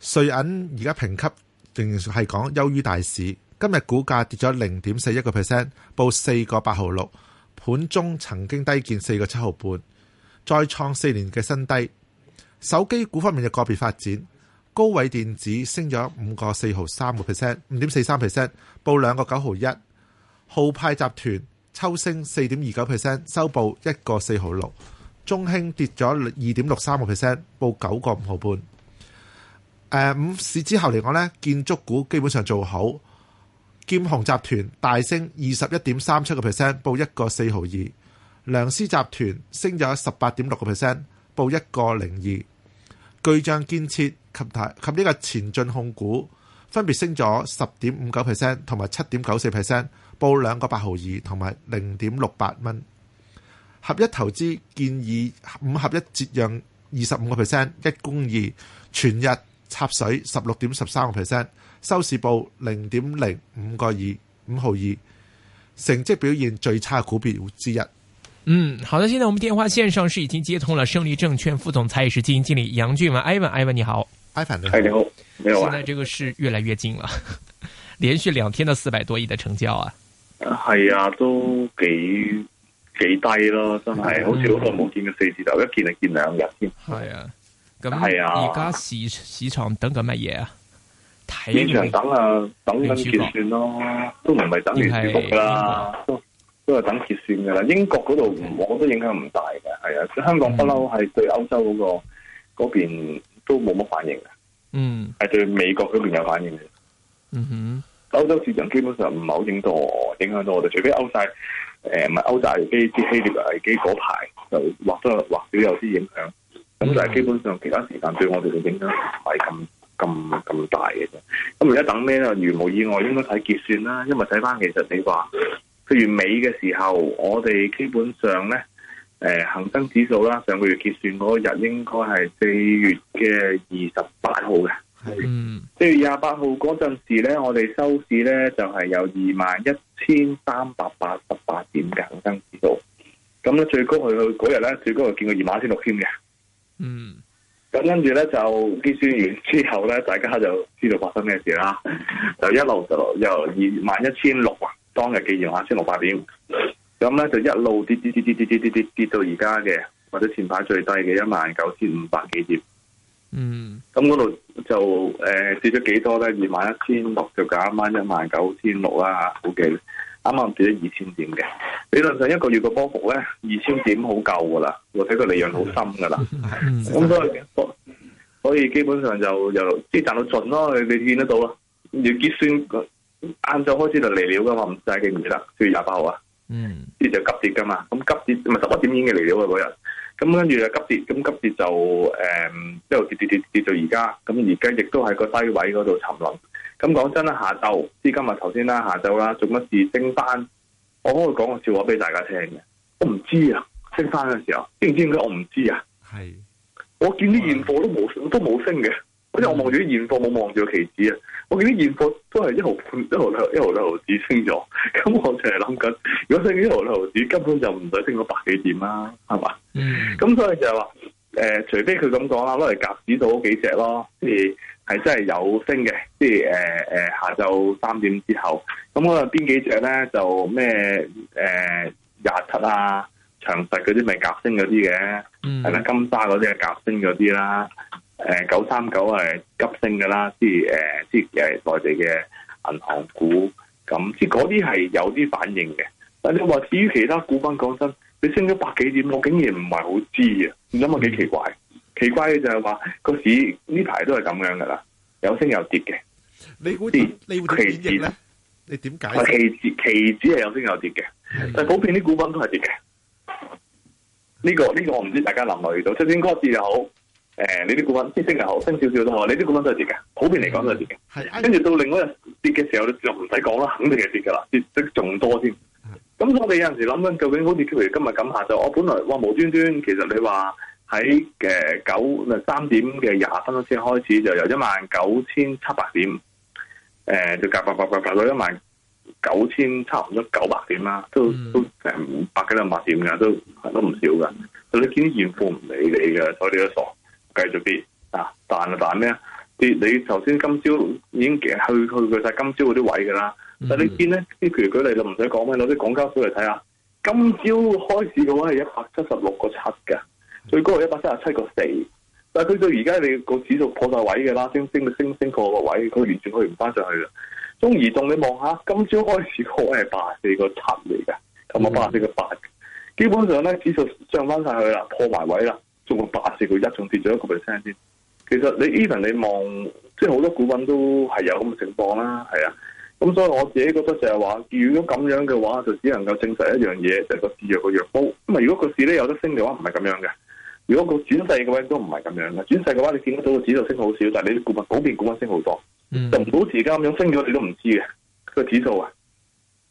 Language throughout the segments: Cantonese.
瑞銀而家評級仍然係講優於大市，今日股價跌咗零點四一個 percent，報四個八毫六。盤中曾經低見四個七毫半，再創四年嘅新低。手機股方面就個別發展，高偉電子升咗五個四毫三個 percent，五點四三 percent，報兩個九毫一。浩派集團抽升四點二九 percent，收報一個四毫六。中興跌咗二點六三個 percent，報九個五毫半。誒、嗯、五市之後嚟講呢，建築股基本上做好。劍雄集團大升二十一點三七個 percent，報一個四毫二。梁思集團升咗十八點六個 percent，報一個零二。巨匠建設及及呢個前進控股分別升咗十點五九 percent 同埋七點九四 percent，報兩個八毫二同埋零點六八蚊。合一投資建議五合一折讓二十五個 percent，一公二全日。插水十六點十三個 percent，收市報零點零五個二五毫二，成績表現最差股票之一。嗯，好的，現在我們電話綫上是已經接通了，勝利證券副總裁也是基金經理楊俊文，Ivan，Ivan 你好，Ivan 你好，你好，你好。現在這個市越來越近了，連續兩天都四百多億的成交啊。係啊，都幾幾低咯，真係，好似好耐冇見嘅四字頭，一見就見兩日，添、嗯。係啊。咁係啊！而家市市場等緊乜嘢啊？市場等啊，等等結算咯，都唔係等結算噶啦，都都係等結算噶啦。英國嗰度我都影響唔大嘅，係啊，香港不嬲係對歐洲嗰個嗰邊都冇乜反應嘅，嗯，係對美國嗰邊有反應嘅，嗯哼，歐洲市場基本上唔係好影響影響到我哋，除非歐債誒，唔係歐債危機、之希臘危機嗰排就或多或少有啲影響。咁就係基本上其他時間對我哋嘅影響唔係咁咁咁大嘅啫。咁而家等咩咧？如無意外，應該睇結算啦。因為睇翻其實你話，譬如尾嘅時候，我哋基本上咧，誒、呃，恒生指數啦，上個月結算嗰日應該係四月嘅二十八號嘅。嗯。四月廿八號嗰陣時咧，我哋收市咧就係、是、有二萬一千三百八十八點嘅恒生指數。咁咧最高去嗰日咧，最高係見過二萬一千六千嘅。嗯，咁跟住咧就結算完之後咧，大家就知道發生咩事啦。就一路就由二萬一千六啊，當日既然話一千六百點，咁咧就一路跌跌跌跌跌跌跌跌到而家嘅或者前排最低嘅一萬九千五百幾點。嗯，咁嗰度就誒跌咗幾多咧？二萬一千六就減翻一萬九千六啦，好嘅。啱啱跌咗二千點嘅，理論上一個月個波幅咧二千點好夠噶啦，我睇佢利潤好深噶啦。咁所以，所以基本上就又即係賺到盡咯。你見得到啦，要結算晏晝開始就嚟料噶嘛，唔使記，唔記得，四月廿八號啊。嗯，呢就急跌噶嘛，咁急跌咪十一點已經嚟料啊嗰日。咁跟住就急跌，咁急、急跌就誒一路跌跌跌跌到而家。咁而家亦都喺個低位嗰度沉淪。咁講真啦，下晝知今日頭先啦，下晝啦做乜事升翻？我可以講個笑話俾大家聽嘅，我唔知啊，升翻嘅時候，知唔知點解我唔知啊？係，我見啲現貨都冇，都冇升嘅。好似我望住啲現貨，冇望住個期指啊。我見啲現貨都係一毫半、一毫一毫兩毫子升咗。咁 我就係諗緊，如果升一毫兩毫子，根本就唔使升個百幾點啦，係嘛？嗯。咁所以就係、係、話，誒，除非佢咁講啦，攞嚟夾指數幾隻咯，係。係真係有升嘅，即係誒誒，下晝三點之後，咁我有邊幾隻咧就咩誒廿七啊、長實嗰啲咪急升嗰啲嘅，係、嗯、啦，金沙嗰啲係急升嗰啲啦，誒九三九係急升嘅啦，即係誒即係內地嘅銀行股，咁即係嗰啲係有啲反應嘅。但你話至於其他股份講真，你升咗百幾點，我竟然唔係好知啊，你諗下幾奇怪。嗯奇怪嘅就係話個市呢排都係咁樣噶啦，有升有跌嘅。你會跌，你會點跌咧？你點解？佢期指期指係有升有跌嘅，但係普遍啲股份都係跌嘅。呢個呢個我唔知大家能唔留意到，就算個市又好，誒、呃，你啲股份升升又好，升少少都好，你啲股份都係跌嘅，普遍嚟講都係跌嘅。跟住到另一日跌嘅時候，就唔使講啦，肯定係跌噶啦，跌得仲多先。咁我哋有陣時諗緊，究竟好似譬如今日咁下就我、哦、本來哇無端端，其實你話。喺誒九唔三點嘅廿分鐘先開始就、呃，就由一萬九千七百點，誒就夾夾夾夾到一萬九千差唔多九百點啦，都都成百幾兩百點嘅，都都唔少噶、嗯。你見啲現貨唔理你嘅，所以你都傻，繼續跌啊！彈啊彈咩啊？跌你頭先今朝已經去去過晒今朝嗰啲位噶啦。但你見呢見咧，呢譬如舉例就唔使講啦，攞啲廣交所嚟睇下，今朝開始嘅話係一百七十六個七嘅。最高係一百三十七個四，但係佢到而家你個指數破晒位嘅啦，升升升升過個位個，佢完全去唔翻上去啦。中移動你望下，今朝開始嗰位係八四個七嚟嘅，咁埋八四個八，基本上咧指數上翻晒去啦，破埋位啦，到八四個一仲跌咗一個 percent 先。其實你 even 你望，即係好多股份都係有咁嘅情況啦，係啊。咁所以我自己覺得就係話，如果咁樣嘅話，就只能夠證實一樣嘢，就係個市弱個弱煲。咁啊，如果個市咧有得升嘅話，唔係咁樣嘅。如果個轉勢嘅話都唔係咁樣嘅，轉勢嘅話你見得到個指數升好少，但係你啲股份普遍股份升好多，就唔好而家咁樣升咗你都唔知嘅個指數啊。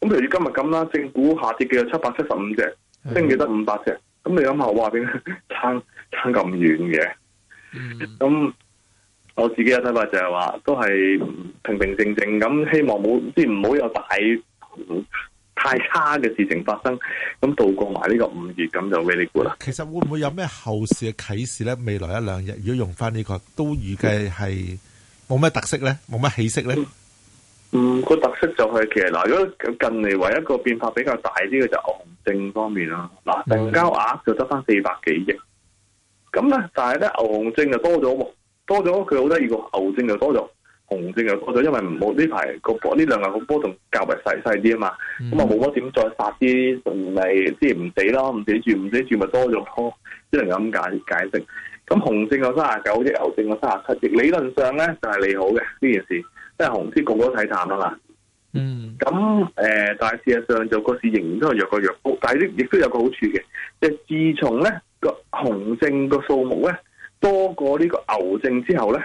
咁譬如今日咁啦，正股下跌嘅有七百七十五隻，升嘅得五百隻有隻，咁你諗下哇，點差差咁遠嘅？咁、mm -hmm. 我自己嘅睇法就係話，都係平平靜靜咁，希望冇即係唔好有大太差嘅事情發生，咁渡過埋呢個五月，咁就畀你估啦。其實會唔會有咩後市嘅啟示咧？未來一兩日，如果用翻呢、這個都預計係冇咩特色咧，冇咩起色咧。嗯，個、嗯、特色就係、是、其實嗱，如、呃、果近嚟唯一,一個變化比較大啲嘅就是牛熊證方面啦。嗱、呃，成交額就得翻四百幾億，咁咧，但係咧牛熊證就多咗多咗佢好得意個牛證就多咗。紅證嘅波咗、mm -hmm. 就是，因為冇呢排個波呢兩日個波動較為細細啲啊嘛，咁啊冇乜點再殺啲，仲係即係唔死咯，唔死住唔死住咪多咗咯，只能咁解解釋。咁紅證有三十九億，牛證有三十七億，理論上咧就係利好嘅呢件事，即係紅色個個都睇淡啦嘛。嗯，咁誒，但係事實上就個市仍然都係弱過弱，但係亦都有個好處嘅，即係自從咧個紅證個數目咧多過呢個牛證之後咧。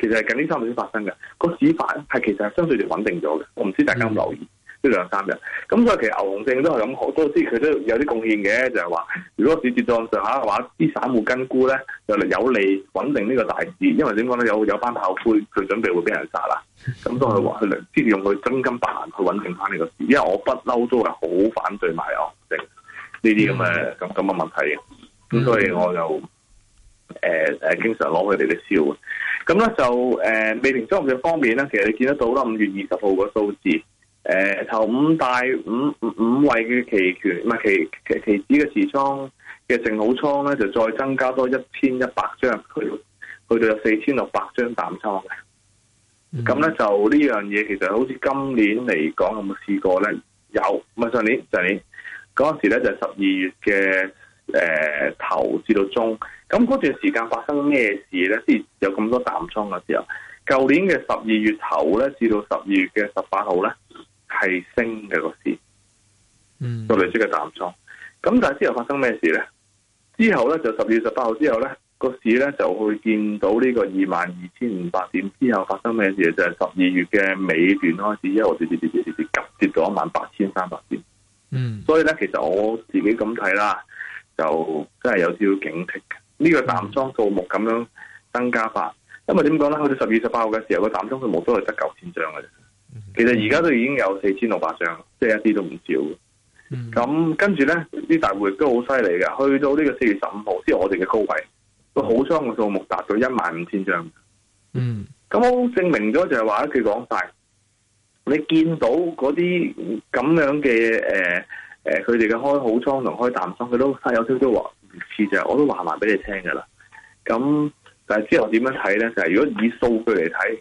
其實係近呢三年先發生嘅，個指法係其實係相對地穩定咗嘅。我唔知大家有冇留意呢兩、嗯、三日。咁所以其實牛熊證都係咁，好多啲佢都有啲貢獻嘅，就係、是、話如果市跌到上下嘅話，啲散戶根菇咧就嚟有利穩定呢個大市。嗯、因為點講咧，有有班炮灰，佢準備會俾人殺啦。咁都係話即係用佢真金白銀去穩定翻呢個市。因為我不嬲都係好反對賣牛熊證呢啲咁嘅咁咁嘅問題嘅。咁、嗯、所以我就誒誒、呃呃，經常攞佢哋嚟燒。咁咧就誒、呃、未平倉嘅方面咧，其實你見得到啦。五月二十號個數字，誒、呃、頭五大五五位嘅期權咪期期期指嘅持倉嘅淨好倉咧，就再增加多一千一百張，去去到有四千六百張淡倉嘅。咁、嗯、咧就呢樣嘢其實好似今年嚟講有冇試過咧？有，咪上年上年嗰陣時咧就十、是、二月嘅。誒、呃，頭至到中，咁嗰段時間發生咩事咧？先有咁多淡倉嘅時候，舊年嘅十二月頭咧，至到十二月嘅十八號咧，係升嘅個市，嗯，個類似嘅淡倉。咁但係之後發生咩事咧？之後咧就十二月十八號之後咧，個市咧就會見到呢個二萬二千五百點之後發生咩事呢？就係十二月嘅尾段開始一跌跌跌跌跌跌急跌到一萬八千三百點。嗯，所以咧其實我自己咁睇啦。就真係有少少警惕嘅，呢、這個淡倉數目咁樣增加法、嗯，因為點講咧？佢哋十月十八號嘅時候，個淡倉數目都係得九千張嘅、嗯，其實而家都已經有四千六百張，即、就、係、是、一啲都唔少。咁、嗯、跟住咧，啲大戶都好犀利嘅，去到呢個四月十五號，即、就、係、是、我哋嘅高位，個好倉嘅數目達到一萬五千張。嗯，咁好證明咗就係話，一句講晒，你見到嗰啲咁樣嘅誒。呃誒，佢哋嘅開好倉同開淡倉，佢都有少少話唔似就我都話埋俾你聽噶啦。咁但係之後點樣睇咧？就係、是、如果以數據嚟睇，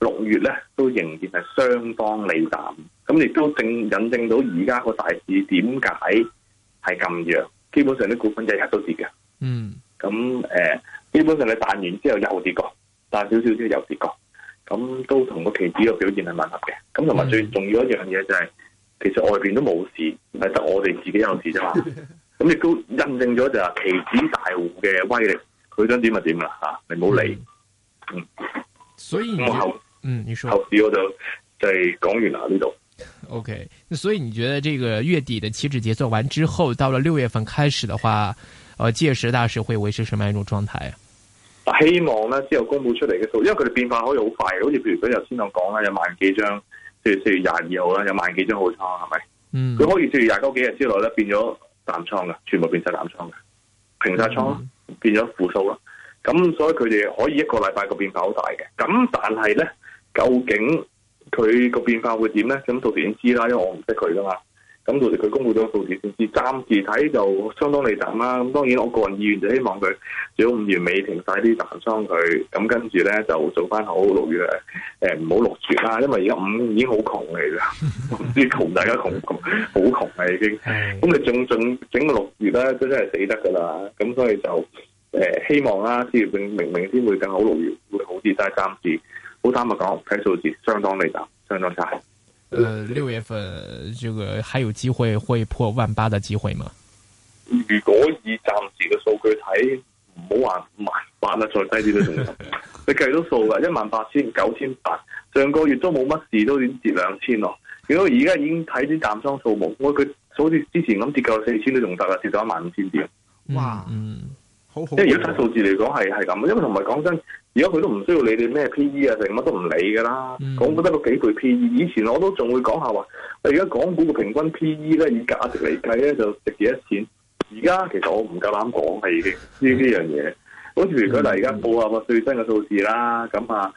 六月咧都仍然係相當利淡。咁亦都證引證到而家個大市點解係咁弱？基本上啲股份日日都跌嘅。嗯、mm.。咁、呃、誒，基本上你彈完之後又跌過，彈少少之後又跌過。咁都同個期指嘅表現係吻合嘅。咁同埋最重要的一樣嘢就係、是。其實外邊都冇事，係得我哋自己有事啫嘛。咁 亦都印證咗就係期指大戶嘅威力，佢想點咪點噶吓，唔好理嗯。嗯，所以你我後嗯，你說後市我就係講完啦呢度。OK，所以你覺得這個月底的期指結算完之後，到了六月份開始的話，呃，屆時大市會維持什麼樣一種狀態啊？希望呢之後公布出嚟嘅數，因為佢哋變化可以好快好似譬如佢頭先我講啦，有萬幾張。四月廿二號啦，有萬幾張好倉，係咪？嗯，佢可以四月廿九幾日之內咧變咗淡倉噶，全部變晒淡倉嘅，平晒倉變咗負數啦。咁、嗯、所以佢哋可以一個禮拜個變化好大嘅。咁但係咧，究竟佢個變化會點咧？咁到時已經知啦，因為我唔識佢噶嘛。咁到時佢公布咗數字，甚至暫時睇就相當利淡啦。咁當然，我個人意願就希望佢早五月尾停曬啲淡倉佢，咁跟住咧就做翻好六月，誒，唔好六月啦。因為而家五已經好窮嚟啦，唔 知窮大家窮唔窮，好窮嚟已經。咁 你仲仲整個六月咧，都真係死得噶啦。咁所以就誒，希望啦，至明明天先會更好，六月會好啲。但係暫時好坦白講，睇數字相當利淡，相當差。誒、呃，六月份這個還有機會會破萬八的機會嗎？如果以暫時嘅數據睇，唔好話萬八啦，再低啲都仲得。 你計到數噶，一萬八千九千八，上個月都冇乜事，都已經跌兩千咯。如果而家已經睇啲淡倉數目，我覺得佢好似之前咁跌夠四千都仲得噶，跌到一萬五千點。哇、嗯！嗯即係如果睇數字嚟講係係咁，因為同埋講真，而家佢都唔需要理你哋咩 P E 啊，成乜都唔理噶啦。港股得個幾倍 P E，以前我都仲會講下話，我而家港股嘅平均 P E 咧，以價值嚟計咧就值幾多錢。而家其實我唔夠膽講係嘅呢呢樣嘢。好、嗯、似如果嗱，而家報下個最新嘅數字啦，咁、嗯、啊，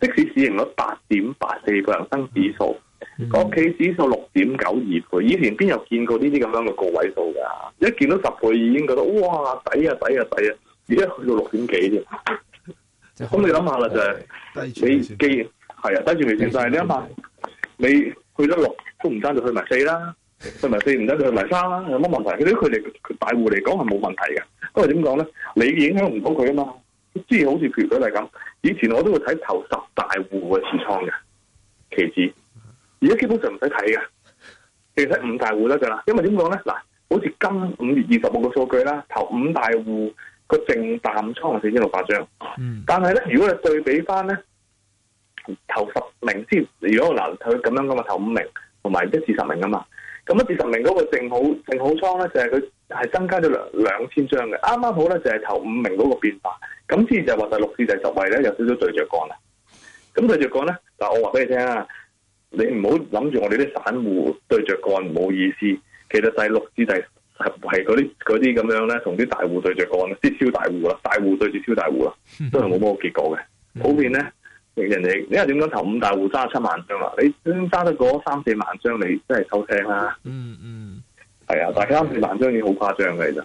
即使市盈率八點八四，個人生指數。屋企指數六點九二倍，以前邊有見過呢啲咁樣嘅個位數噶？一見到十倍已經覺得哇，抵啊抵啊抵啊！而家去到六點幾添，咁你諗下啦，就係你基係啊，低住未算晒。你諗下，你去得六都唔得，就去埋四啦，去埋四唔得就去埋三啦，有乜問題？佢哋佢哋大戶嚟講係冇問題嘅，因為點講咧？你影響唔到佢啊嘛，即係好似譬如佢哋咁。以前我都會睇頭十大戶嘅持倉嘅期指。而家基本上唔使睇嘅，其實五大戶得噶啦。因為點講咧？嗱，好似今五月二十六嘅數據啦，頭五大戶個淨淡倉係四千六百張。但係咧，如果你對比翻咧，頭十名先。如果嗱佢咁樣噶嘛，頭五名同埋一至十名噶嘛。咁一至十名嗰個淨好淨好倉咧，就係佢係增加咗兩兩千張嘅。啱啱好咧，就係、是、頭五名嗰個變化。咁先就話第六至第十位咧有少少對着講啦。咁對着講咧，嗱，我話俾你聽啊。你唔好諗住我哋啲散戶對着幹唔好意思，其實第六至第係係嗰啲嗰啲咁樣咧，同啲大戶對着幹，即係超大戶啦，大戶對住超大戶啦，都係冇乜個結果嘅。普遍咧，人哋因為點講，頭五大戶揸七萬張啊，你先揸得嗰三四萬張，你真係收聲啦。嗯嗯，係啊，但 係三四萬張已經好誇張嘅，其實。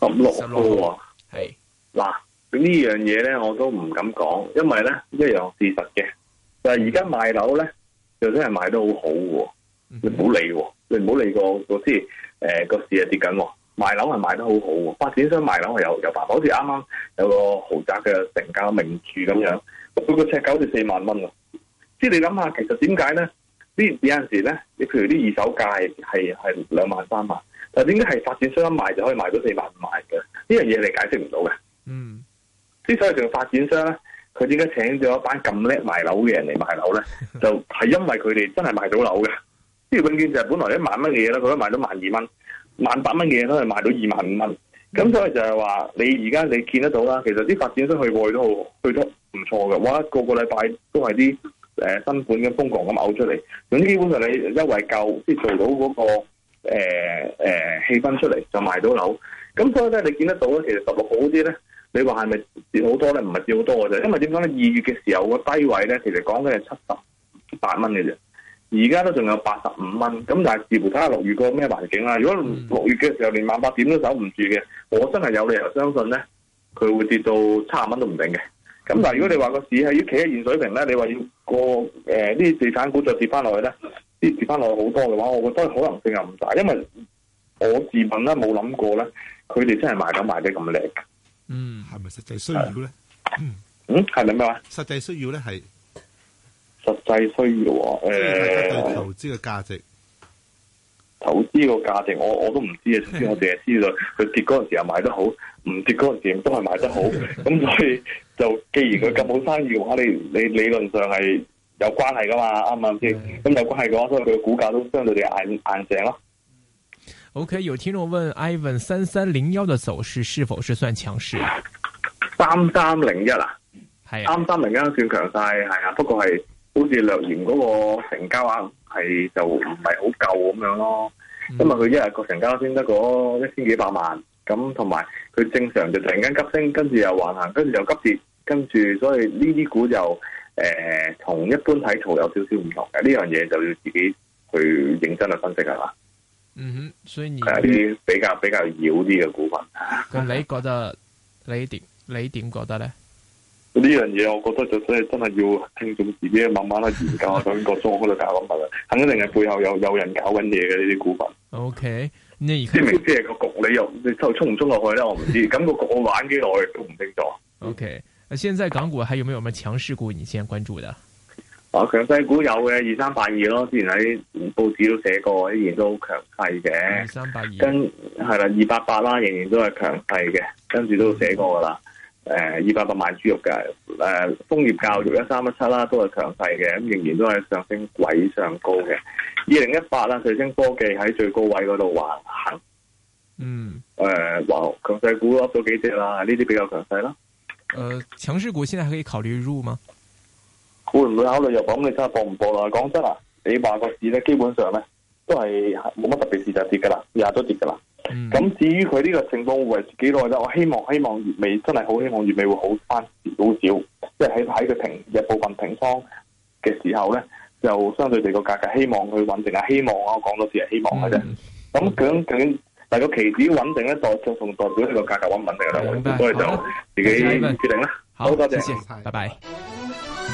十六喎，係嗱呢樣嘢咧，我都唔敢講，因為咧一樣事實嘅，就係而家賣樓咧，就真係賣得好好、啊、喎、嗯，你唔好理喎、啊，你唔好理個個即誒個，個市係跌緊、啊，賣樓係賣得好好、啊，發展商賣樓係有有辦法，好似啱啱有個豪宅嘅成交名著咁樣，佢個尺價好似四萬蚊喎、啊。即係你諗下，其實點解咧？有時呢有陣時咧，你譬如啲二手價係係兩萬三萬。但點解係發展商一賣就可以賣到四萬五嘅？呢樣嘢你解釋唔到嘅。嗯，之所以仲發展商咧，佢點解請咗一班咁叻賣樓嘅人嚟賣樓咧？就係、是、因為佢哋真係賣到樓嘅。即係永遠就係本來一萬蚊嘅嘢啦，佢都賣到萬二蚊、萬八蚊嘅嘢都可以賣到二萬五蚊。咁所以就係話，你而家你見得到啦。其實啲發展商去過去都好，去得唔錯嘅。哇，個個禮拜都係啲誒新款咁瘋狂咁嘔出嚟。總之基本上你優惠夠，即係做到嗰、那個。誒、欸、誒，氣、欸、氛，出嚟就賣到樓，咁所以咧，你見得到咧，其實十六號啲咧，你話係咪跌好多咧？唔係跌好多嘅啫，因為點講咧？二月嘅時候個低位咧，其實講緊係七十八蚊嘅啫，而家都仲有八十五蚊，咁但係似乎睇下六月個咩環境啊。如果六月嘅時候連萬八點都守唔住嘅，我真係有理由相信咧，佢會跌到七十蚊都唔定嘅。咁但係如果你話個市係要企喺現水平咧，你話要過誒呢啲地產股再跌翻落去咧？啲跌翻落去好多嘅話，我覺得可能性又唔大，因為我自問咧冇諗過咧，佢哋真係賣得賣得咁靚嘅。嗯，係咪實際需要咧？嗯，係咪咩話？實際需要咧係實際需要誒，要呃、對對投資嘅價值，投資個價值，我我都唔知啊。總之我淨係知道佢跌嗰陣時又賣得好，唔跌嗰陣時都係賣得好。咁 所以就，既然佢咁好生意嘅話，你你理論上係。有關係噶嘛？啱啱先？咁有關係嘅話，所以佢嘅股價都相對哋硬硬淨咯。OK，有聽眾問，Ivan 三三零一嘅走勢是否是算強勢？三三零一啊，係三三零一算強勢係啊，不過係好似略嫌嗰個成交額，係就唔係好夠咁樣咯。嗯、因為佢一日個成交先得個一千幾百萬，咁同埋佢正常就突然間急升，跟住又橫行，跟住又急跌，跟住所以呢啲股就。誒、呃，同一般睇圖有少少唔同嘅，呢樣嘢就要自己去認真去分析係嘛。嗯哼，所以呢啲比較比較妖啲嘅股份。咁你覺得 你點你點覺得咧？呢樣嘢我覺得就真係真係要聽眾自己，慢慢去研究啊，等個莊開嚟搞乜啦，肯定係背後有有人搞緊嘢嘅呢啲股份。O K，即明知係，嗰個局，你又你收衝唔衝落去咧？我唔知，咁 個局我玩幾耐都唔清楚。O K。啊！現在港股還有沒有咩強勢股？你先關注的？啊，強勢股有嘅二三八二咯，之前喺報紙都寫過，依然都好強勢嘅。二三八二跟係啦，二八八啦，仍然都係強勢嘅。跟住都寫過噶啦。誒、嗯，二八八買豬肉嘅，誒、呃，楓葉教育一三一七啦，都係強勢嘅，咁仍然都係上升軌上高嘅。二零一八啦，瑞星科技喺最高位嗰度橫行，嗯，誒、呃，話強勢股搵咗幾隻啦，呢啲比較強勢啦。誒、呃，強勢股現在還可以考慮入嗎？會唔會考慮入？咁你睇下博唔博啦。講真啊，你話個市咧，基本上咧都係冇乜特別事就跌噶啦，日日都跌噶啦。咁、嗯、至於佢呢個情況會維持幾耐咧，我希望，希望月尾真係好，希望月尾會好翻少少，即係喺喺個平日部分平倉嘅時候咧，就相對地個價格希望佢穩定啊，希望啊，我講多次係希望嘅啫。咁、嗯、究竟。嗯究竟但係個期指穩定呢，代，仲同代表呢個價格穩唔穩定嘅問題，我哋想自己決定啦。好多謝,謝,謝,謝，拜拜。拜拜